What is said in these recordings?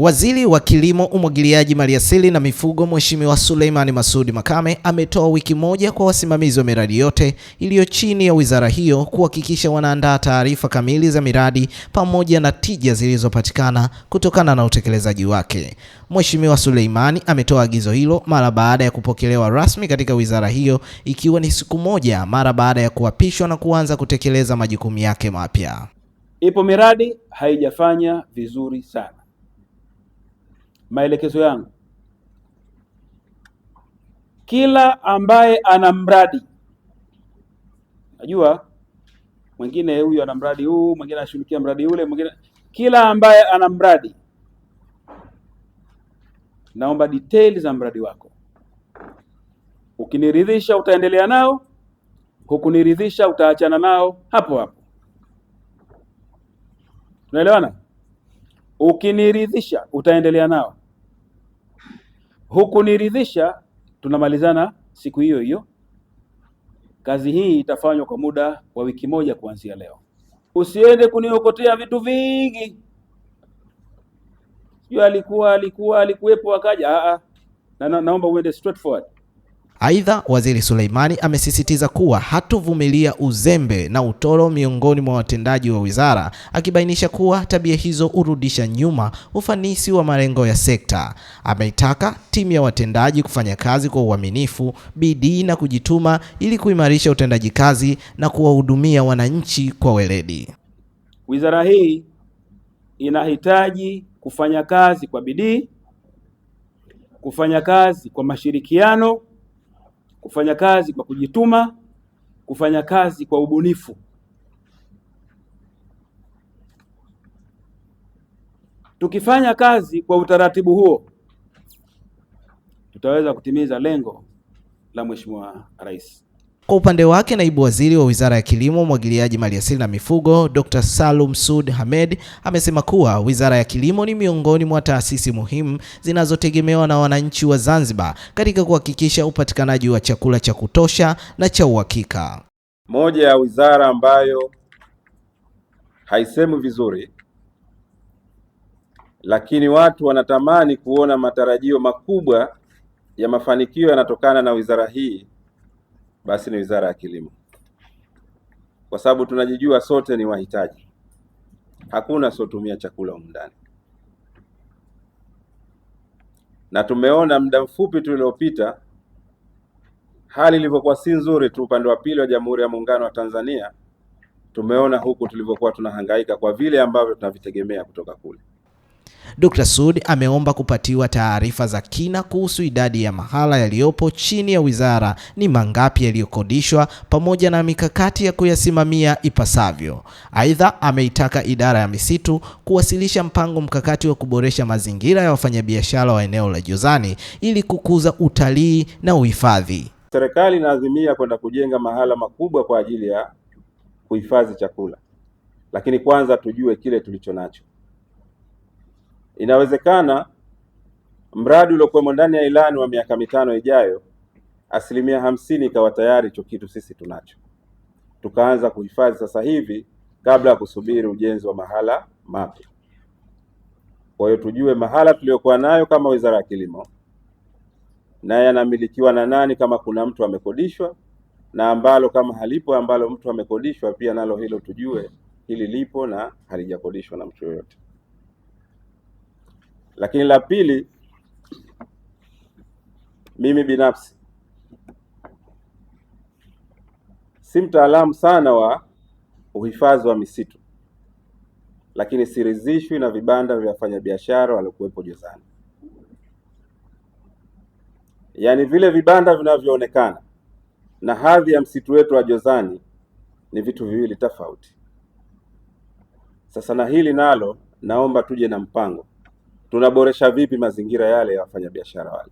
Waziri wa Kilimo, Umwagiliaji, Maliasili na Mifugo, Mheshimiwa Suleimani Masudi Makame ametoa wiki moja kwa wasimamizi wa miradi yote iliyo chini ya wizara hiyo kuhakikisha wanaandaa taarifa kamili za miradi pamoja na tija zilizopatikana kutokana na utekelezaji wake. Mheshimiwa Suleimani ametoa agizo hilo mara baada ya kupokelewa rasmi katika wizara hiyo ikiwa ni siku moja mara baada ya kuapishwa na kuanza kutekeleza majukumu yake mapya. Ipo miradi haijafanya vizuri sana maelekezo yangu, kila ambaye ana mradi, najua mwingine huyu ana mradi huu, mwingine anashughulikia mradi ule, mwingine, kila ambaye ana mradi, naomba details za mradi wako. Ukiniridhisha utaendelea nao, hukuniridhisha utaachana nao hapo hapo. Unaelewana? Ukiniridhisha utaendelea nao, hukuniridhisha, tunamalizana siku hiyo hiyo. Kazi hii itafanywa kwa muda wa wiki moja kuanzia leo. Usiende kuniokotea vitu vingi, sijui alikuwa alikuwa alikuwepo akaja. Aa, ah, ah. na, na, naomba uende straightforward. Aidha, Waziri Suleimani amesisitiza kuwa hatovumilia uzembe na utoro miongoni mwa watendaji wa wizara, akibainisha kuwa tabia hizo hurudisha nyuma ufanisi wa malengo ya sekta. Ameitaka timu ya watendaji kufanya kazi kwa uaminifu, bidii na kujituma ili kuimarisha utendaji kazi na kuwahudumia wananchi kwa weledi. Wizara hii inahitaji kufanya kazi kwa bidii, kufanya kazi kwa mashirikiano kufanya kazi kwa kujituma, kufanya kazi kwa ubunifu. Tukifanya kazi kwa utaratibu huo, tutaweza kutimiza lengo la Mheshimiwa Rais. Kwa upande wake, naibu waziri wa Wizara ya Kilimo, mwagiliaji Maliasili na Mifugo, Dr. Salum Sud Hamed amesema kuwa Wizara ya Kilimo ni miongoni mwa taasisi muhimu zinazotegemewa na wananchi wa Zanzibar katika kuhakikisha upatikanaji wa chakula cha kutosha na cha uhakika. Moja ya wizara ambayo haisemi vizuri lakini watu wanatamani kuona matarajio makubwa ya mafanikio yanatokana na wizara hii basi ni Wizara ya Kilimo, kwa sababu tunajijua sote ni wahitaji. Hakuna sotumia chakula humu ndani, na tumeona muda mfupi uliopita hali ilivyokuwa si nzuri tu upande wa pili wa Jamhuri ya Muungano wa Tanzania. Tumeona huku tulivyokuwa tunahangaika kwa vile ambavyo tunavitegemea kutoka kule. Dr. sud ameomba kupatiwa taarifa za kina kuhusu idadi ya mahala yaliyopo chini ya wizara ni mangapi yaliyokodishwa pamoja na mikakati ya kuyasimamia ipasavyo. Aidha, ameitaka idara ya misitu kuwasilisha mpango mkakati wa kuboresha mazingira ya wafanyabiashara wa eneo la Jozani ili kukuza utalii na uhifadhi. Serikali inaazimia kwenda kujenga mahala makubwa kwa ajili ya kuhifadhi chakula, lakini kwanza tujue kile tulicho nacho Inawezekana mradi uliokuwemo ndani ya ilani wa miaka mitano ijayo, asilimia hamsini ikawa tayari hicho kitu sisi tunacho, tukaanza kuhifadhi sasa hivi kabla ya kusubiri ujenzi wa mahala mapya. Kwa hiyo tujue mahala tuliyokuwa nayo kama Wizara ya Kilimo naye anamilikiwa na nani, kama kuna mtu amekodishwa, na ambalo kama halipo ambalo mtu amekodishwa, pia nalo hilo tujue hili lipo na halijakodishwa na mtu yoyote. Lakini la pili, mimi binafsi si mtaalamu sana wa uhifadhi wa misitu, lakini siridhishwi na vibanda vya wafanyabiashara waliokuwepo Jozani, yaani vile vibanda vinavyoonekana na hadhi ya msitu wetu wa Jozani ni vitu viwili tofauti. Sasa na hili nalo naomba tuje na mpango tunaboresha vipi mazingira yale ya wafanyabiashara wale.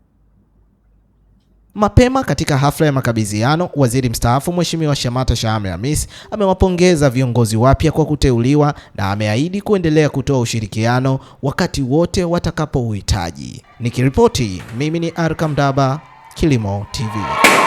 Mapema katika hafla ya makabidhiano, waziri mstaafu Mheshimiwa Shamata Shahame Hamis amewapongeza viongozi wapya kwa kuteuliwa na ameahidi kuendelea kutoa ushirikiano wakati wote watakapouhitaji. Nikiripoti mimi ni Arkamdaba, Kilimo TV.